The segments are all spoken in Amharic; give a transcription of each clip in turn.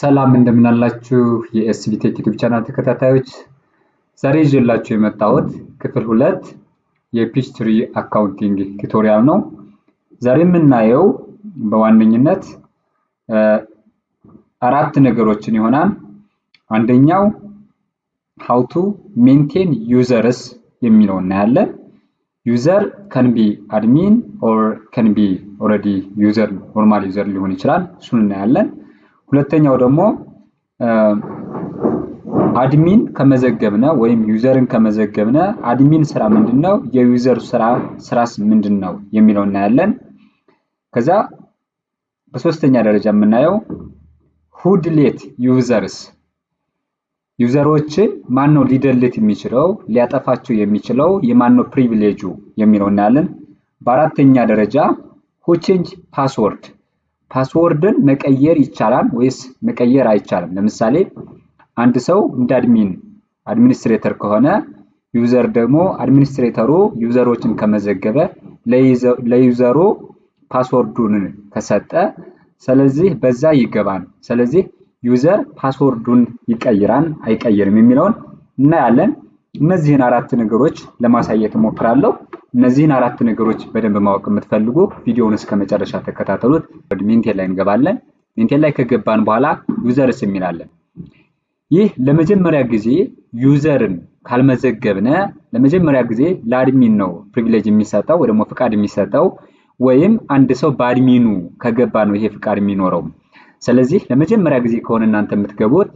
ሰላም እንደምናላችሁ የኤስቢ ቴክ ዩቲዩብ ቻናል ተከታታዮች፣ ዛሬ ይዤላችሁ የመጣሁት ክፍል ሁለት የፒችትሪ አካውንቲንግ ቱቶሪያል ነው። ዛሬ የምናየው በዋነኝነት አራት ነገሮችን ይሆናል። አንደኛው ሀውቱ ሜንቴን ዩዘርስ የሚለው እናያለን። ዩዘር ከን አድሚን ኦር ከንቢ ኦልሬዲ ዩዘር ኖርማል ዩዘር ሊሆን ይችላል። እሱን እናያለን። ሁለተኛው ደግሞ አድሚን ከመዘገብነ ወይም ዩዘርን ከመዘገብነ አድሚን ስራ ምንድን ነው? የዩዘር ስራ ስራስ ምንድን ነው የሚለው እናያለን። ከዛ በሶስተኛ ደረጃ የምናየው ሁድሌት ዩዘርስ ዩዘሮችን ማን ነው ሊደልት የሚችለው ሊያጠፋቸው የሚችለው የማን ነው ፕሪቪሌጁ የሚለው እናያለን። በአራተኛ ደረጃ ሁቼንጅ ፓስወርድ ፓስወርድን መቀየር ይቻላል ወይስ መቀየር አይቻልም? ለምሳሌ አንድ ሰው እንደ አድሚን አድሚኒስትሬተር ከሆነ ዩዘር ደግሞ አድሚኒስትሬተሩ ዩዘሮችን ከመዘገበ ለዩዘሩ ፓስወርዱን ከሰጠ ስለዚህ በዛ ይገባል። ስለዚህ ዩዘር ፓስወርዱን ይቀይራል አይቀይርም የሚለውን እናያለን። እነዚህን አራት ነገሮች ለማሳየት እሞክራለሁ። እነዚህን አራት ነገሮች በደንብ ማወቅ የምትፈልጉ ቪዲዮውን እስከ መጨረሻ ተከታተሉት። ወደ ላይ እንገባለን። ሜንቴል ላይ ከገባን በኋላ ዩዘርስ የሚላለን ይህ ለመጀመሪያ ጊዜ ዩዘርን ካልመዘገብነ ለመጀመሪያ ጊዜ ለአድሚን ነው ፕሪቪሌጅ የሚሰጠው ወይ ደግሞ ፍቃድ የሚሰጠው ወይም አንድ ሰው በአድሚኑ ከገባ ነው ይሄ ፍቃድ የሚኖረው። ስለዚህ ለመጀመሪያ ጊዜ ከሆነ እናንተ የምትገቡት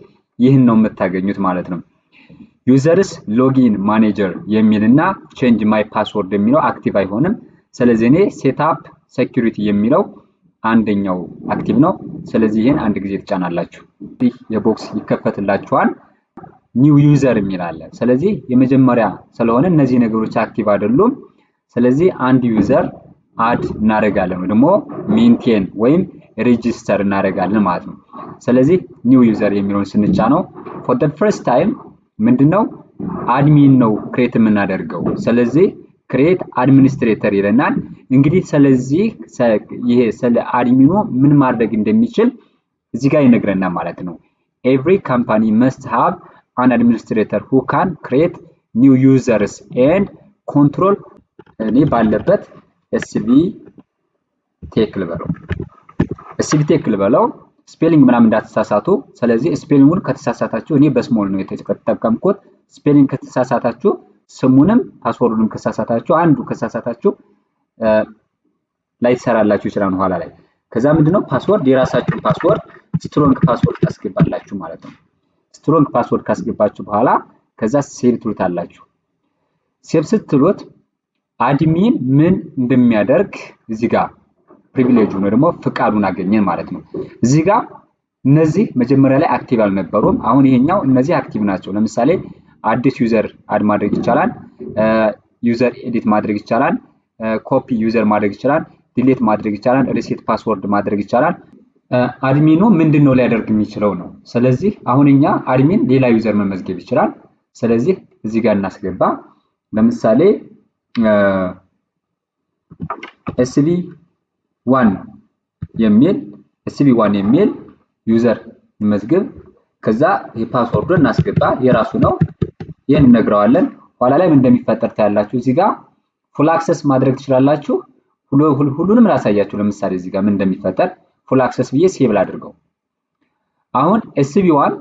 ይህን ነው የምታገኙት ማለት ነው። ዩዘርስ ሎጊን ማኔጀር የሚል እና ቼንጅ ማይ ፓስወርድ የሚለው አክቲቭ አይሆንም። ስለዚህ እኔ ሴትአፕ ሴኪሪቲ የሚለው አንደኛው አክቲቭ ነው። ስለዚህ ይህን አንድ ጊዜ ትጫናላችሁ። ይህ የቦክስ ይከፈትላችኋል። ኒው ዩዘር የሚል አለ። ስለዚህ የመጀመሪያ ስለሆነ እነዚህ ነገሮች አክቲቭ አይደሉም። ስለዚህ አንድ ዩዘር አድ እናደርጋለን ወይ ደግሞ ሜንቴን ወይም ሬጂስተር እናደርጋለን ማለት ነው። ስለዚህ ኒው ዩዘር የሚለውን ስንጫነው ፎር ዘ ፈርስት ታይም ምንድነው አድሚን ነው ክሬት የምናደርገው። ስለዚህ ክሬት አድሚኒስትሬተር ይለናል። እንግዲህ ስለዚህ ይሄ ስለ አድሚኑ ምን ማድረግ እንደሚችል እዚህ ጋር ይነግረናል ማለት ነው። ኤቭሪ ካምፓኒ መስት ሃቭ አን አድሚኒስትሬተር ሁ ካን ክሬት ኒው ዩዘርስ ኤንድ ኮንትሮል እኔ ባለበት ኤስቢ ቴክ ልበለው ኤስቢ ቴክ ልበለው ስፔሊንግ ምናምን እንዳትሳሳቱ። ስለዚህ ስፔሊንጉን ከተሳሳታችሁ እኔ በስሞል ነው የተጠቀምኩት። ስፔሊንግ ከተሳሳታችሁ ስሙንም ፓስወርዱንም ከተሳሳታችሁ አንዱ ከተሳሳታችሁ ላይ ትሰራላችሁ ይችላል ኋላ ላይ። ከዛ ምንድነው ፓስወርድ የራሳችሁን ፓስወርድ ስትሮንግ ፓስወርድ ታስገባላችሁ ማለት ነው። ስትሮንግ ፓስወርድ ካስገባችሁ በኋላ ከዛ ሴቭ ትሉታላችሁ። ሴቭ ስትሉት አድሚን ምን እንደሚያደርግ እዚህ ጋር ፕሪቪሌጁ ወይ ደግሞ ፍቃዱን አገኘን ማለት ነው። እዚህ ጋር እነዚህ መጀመሪያ ላይ አክቲቭ አልነበሩም። አሁን ይሄኛው እነዚህ አክቲቭ ናቸው። ለምሳሌ አዲስ ዩዘር አድ ማድረግ ይቻላል። ዩዘር ኤዲት ማድረግ ይቻላል። ኮፒ ዩዘር ማድረግ ይቻላል። ዲሌት ማድረግ ይቻላል። ሪሴት ፓስወርድ ማድረግ ይቻላል። አድሚኑ ምንድን ነው ሊያደርግ የሚችለው ነው። ስለዚህ አሁን እኛ አድሚን ሌላ ዩዘር መመዝገብ ይችላል። ስለዚህ እዚህ ጋር እናስገባ። ለምሳሌ ኤስቢ ዋን የሚል ኤስቢ ዋን የሚል ዩዘር መዝግብ። ከዛ የፓስወርዱን እናስገባ የራሱ ነው። ይህን እነግረዋለን። ኋላ ላይ እንደሚፈጠር ታያላችሁ። እዚህ ጋ ፉል አክሰስ ማድረግ ትችላላችሁ። ሁሉንም ላሳያችሁ። ለምሳሌ እዚህ ምን እንደሚፈጠር ፉል አክሰስ ብዬ ሴብል አድርገው አሁን ኤስቢ ዋን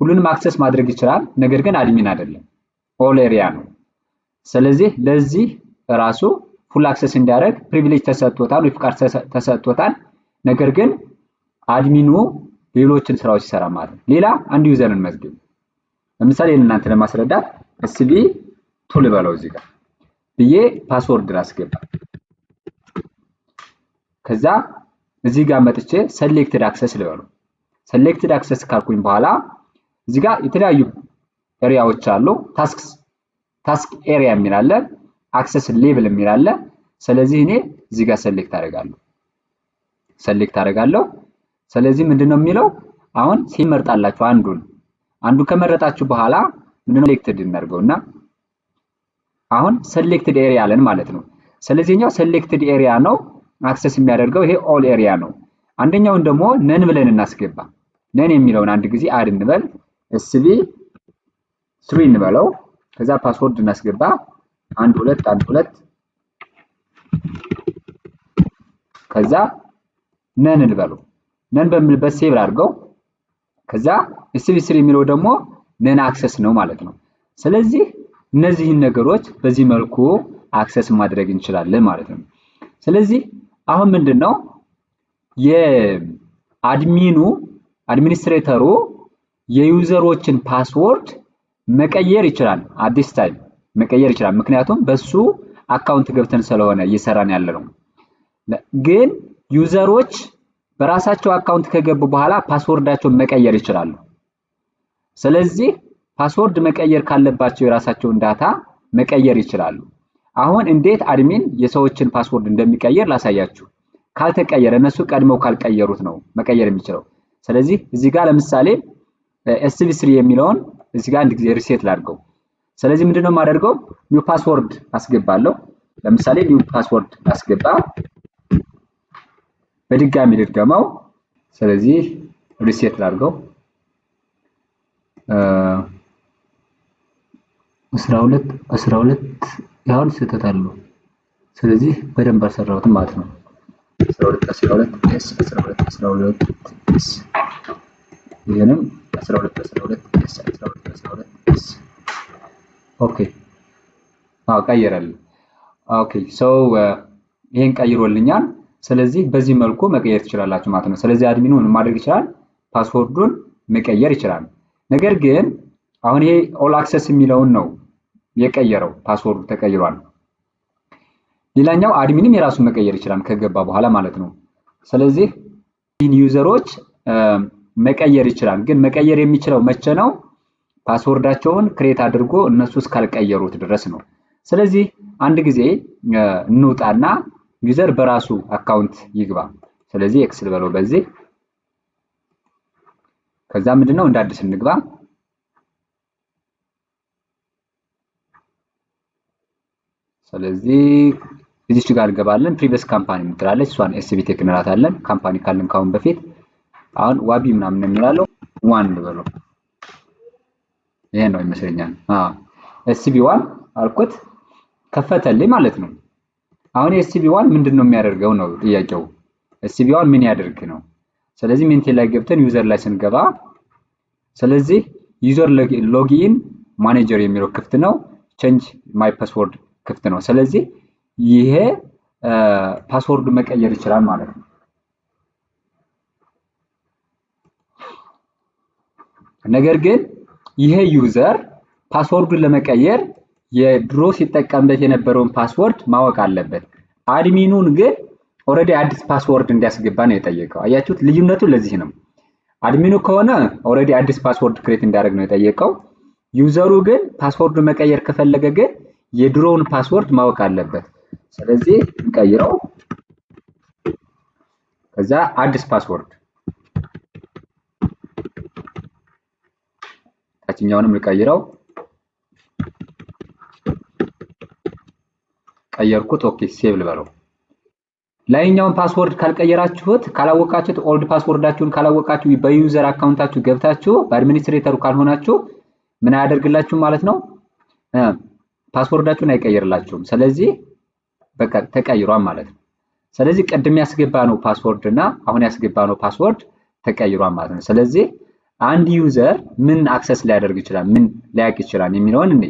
ሁሉንም አክሰስ ማድረግ ይችላል። ነገር ግን አድሚን አይደለም፣ ኦል ኤሪያ ነው። ስለዚህ ለዚህ ራሱ ፉል አክሰስ እንዲያደርግ ፕሪቪሌጅ ተሰጥቶታል፣ ወይ ፍቃድ ተሰጥቶታል። ነገር ግን አድሚኑ ሌሎችን ስራዎች ይሰራ ማለት ነው። ሌላ አንድ ዩዘርን መዝግብ። ለምሳሌ ለእናንተ ለማስረዳት ኤስቢ ቱ ልበለው እዚህ ጋር ብዬ ፓስወርድ ላስገባ። ከዛ እዚህ ጋር መጥቼ ሰሌክትድ አክሰስ ልበሉ። ሰሌክትድ አክሰስ ካልኩኝ በኋላ እዚህ ጋር የተለያዩ ኤሪያዎች አሉ። ታስክ ታስክ ኤሪያ የሚላለን አክሰስ ሌብል የሚል አለ። ስለዚህ እኔ እዚህ ጋር ሰሌክት አደርጋለሁ ሰሌክት አደርጋለሁ። ስለዚህ ምንድነው የሚለው አሁን ሲመርጣላችሁ አንዱን አንዱን ከመረጣችሁ በኋላ ምንድነው ሴሌክትድ እናድርገውና አሁን ሰሌክትድ ኤሪያ አለን ማለት ነው። ስለዚህኛው ሰሌክትድ ኤሪያ ነው አክሰስ የሚያደርገው ይሄ ኦል ኤሪያ ነው። አንደኛውን ደግሞ ነን ብለን እናስገባ። ነን የሚለውን አንድ ጊዜ አድ እንበል፣ ኤስቪ ስሪ እንበለው። ከዛ ፓስወርድ እናስገባ አንድ ሁለት አንድ ሁለት ከዛ ነን እንበሉ ነን በምልበት ሴቭ አድርገው ከዛ ስብስር የሚለው ደግሞ ነን አክሰስ ነው ማለት ነው። ስለዚህ እነዚህን ነገሮች በዚህ መልኩ አክሰስ ማድረግ እንችላለን ማለት ነው። ስለዚህ አሁን ምንድን ነው የአድሚኑ አድሚኒስትሬተሩ የዩዘሮችን ፓስወርድ መቀየር ይችላል አዲስ ታይም መቀየር ይችላል። ምክንያቱም በሱ አካውንት ገብተን ስለሆነ እየሰራን ያለ ነው። ግን ዩዘሮች በራሳቸው አካውንት ከገቡ በኋላ ፓስወርዳቸውን መቀየር ይችላሉ። ስለዚህ ፓስወርድ መቀየር ካለባቸው የራሳቸውን ዳታ መቀየር ይችላሉ። አሁን እንዴት አድሚን የሰዎችን ፓስወርድ እንደሚቀየር ላሳያችሁ። ካልተቀየረ እነሱ ቀድመው ካልቀየሩት ነው መቀየር የሚችለው። ስለዚህ እዚህ ጋር ለምሳሌ ኤስቢ ስሪ የሚለውን እዚህ ጋር አንድ ጊዜ ሪሴት ላድርገው። ስለዚህ ምንድነው የማደርገው? ኒው ፓስወርድ አስገባለሁ። ለምሳሌ ኒው ፓስወርድ አስገባ፣ በድጋሚ ልድገመው። ስለዚህ ሪሴት ላድርገው። አስራ ሁለት አስራ ሁለት ያሁን ስህተት አለው። ስለዚህ በደንብ አልሰራሁትም ማለት ነው። አስራ ሁለት ይሄንም አስራ ሁለት አስራ ሁለት ኤስ አስራ ሁለት አስራ ሁለት ኤስ አዎ ቀይራለሁ። ኦኬ ሰው ይሄን ቀይሮልኛል። ስለዚህ በዚህ መልኩ መቀየር ትችላላችሁ ማለት ነው። ስለዚህ አድሚኑ ምን ማድረግ ይችላል? ፓስወርዱን መቀየር ይችላል። ነገር ግን አሁን ይሄ ኦል አክሰስ የሚለውን ነው የቀየረው፣ ፓስወርዱ ተቀይሯል። ሌላኛው አድሚንም የራሱን መቀየር ይችላል ከገባ በኋላ ማለት ነው። ስለዚህ ዩዘሮች መቀየር ይችላል። ግን መቀየር የሚችለው መቼ ነው? ፓስወርዳቸውን ክሬት አድርጎ እነሱ እስካልቀየሩት ድረስ ነው። ስለዚህ አንድ ጊዜ እንውጣና ዩዘር በራሱ አካውንት ይግባ። ስለዚህ ኤክስል በለው በዚህ ከዛ ምንድነው እንደ አዲስ እንግባ። ስለዚህ እዚች ጋር እንገባለን። ፕሪቪየስ ካምፓኒ የምትላለች እሷን ኤስቢ ቴክ እንላታለን። ካምፓኒ ካልን ካሁን በፊት አሁን ዋቢ ምናምን እንላለው። ዋን እንበለው ይሄ ነው ይመስለኛል። ኤስሲቢ ዋን አልኩት ከፈተልኝ ማለት ነው። አሁን ኤስሲቢ ዋን ምንድን ነው የሚያደርገው ነው ጥያቄው። ኤስሲቢ ዋን ምን ያደርግ ነው? ስለዚህ ሜንቴን ላይ ገብተን ዩዘር ላይ ስንገባ፣ ስለዚህ ዩዘር ሎጊን ማኔጀር የሚለው ክፍት ነው። ቼንጅ ማይ ፓስወርድ ክፍት ነው። ስለዚህ ይሄ ፓስወርድ መቀየር ይችላል ማለት ነው። ነገር ግን ይሄ ዩዘር ፓስወርዱን ለመቀየር የድሮ ሲጠቀምበት የነበረውን ፓስወርድ ማወቅ አለበት። አድሚኑን ግን ኦልሬዲ አዲስ ፓስወርድ እንዲያስገባ ነው የጠየቀው። አያችሁት? ልዩነቱ ለዚህ ነው። አድሚኑ ከሆነ ኦልሬዲ አዲስ ፓስወርድ ክሬት እንዲያደርግ ነው የጠየቀው። ዩዘሩ ግን ፓስወርዱን መቀየር ከፈለገ ግን የድሮውን ፓስወርድ ማወቅ አለበት። ስለዚህ እንቀይረው ከዛ አዲስ ፓስወርድ ታችኛውንም ልቀይረው። ቀየርኩት። ኦኬ ሴቭ ልበለው። ላይኛውን ፓስወርድ ካልቀየራችሁት ካላወቃችሁት ኦልድ ፓስወርዳችሁን ካላወቃችሁ በዩዘር አካውንታችሁ ገብታችሁ በአድሚኒስትሬተሩ ካልሆናችሁ ምን አያደርግላችሁ ማለት ነው፣ ፓስወርዳችሁን አይቀይርላችሁም። ስለዚህ በቃ ተቀይሯል ማለት ነው። ስለዚህ ቅድም ያስገባ ነው ፓስወርድ እና አሁን ያስገባ ነው ፓስወርድ ተቀይሯል ማለት ነው። ስለዚህ አንድ ዩዘር ምን አክሰስ ሊያደርግ ይችላል፣ ምን ሊያውቅ ይችላል የሚለውን እኔ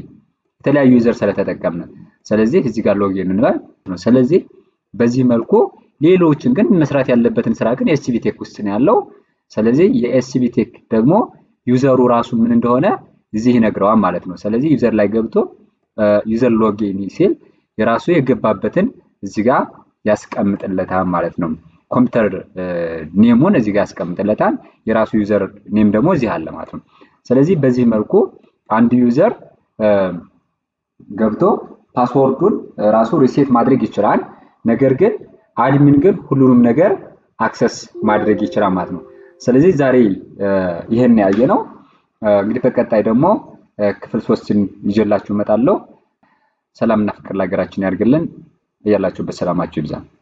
የተለያዩ ዩዘር ስለተጠቀምን፣ ስለዚህ እዚህ ጋር ሎግ እንበል ነው። ስለዚህ በዚህ መልኩ ሌሎችን ግን መስራት ያለበትን ስራ ግን ኤስሲቪ ቴክ ውስጥ ነው ያለው። ስለዚህ የኤስሲቪ ቴክ ደግሞ ዩዘሩ ራሱ ምን እንደሆነ እዚህ ይነግረዋል ማለት ነው። ስለዚህ ዩዘር ላይ ገብቶ ዩዘር ሎጌን ሲል የራሱ የገባበትን እዚህ ጋር ያስቀምጥለታል ማለት ነው። ኮምፒውተር ኔሙን እዚህ ጋር ያስቀምጥለታል። የራሱ ዩዘር ኔም ደግሞ እዚህ አለ ማለት ነው። ስለዚህ በዚህ መልኩ አንድ ዩዘር ገብቶ ፓስወርዱን ራሱ ሪሴት ማድረግ ይችላል። ነገር ግን አድሚን ግን ሁሉንም ነገር አክሰስ ማድረግ ይችላል ማለት ነው። ስለዚህ ዛሬ ይህን ያየ ነው። እንግዲህ በቀጣይ ደግሞ ክፍል ሶስትን ይዤላችሁ እመጣለሁ። ሰላምና ፍቅር ለሀገራችን ያድርግልን። እያላችሁበት ሰላማችሁ ይብዛል።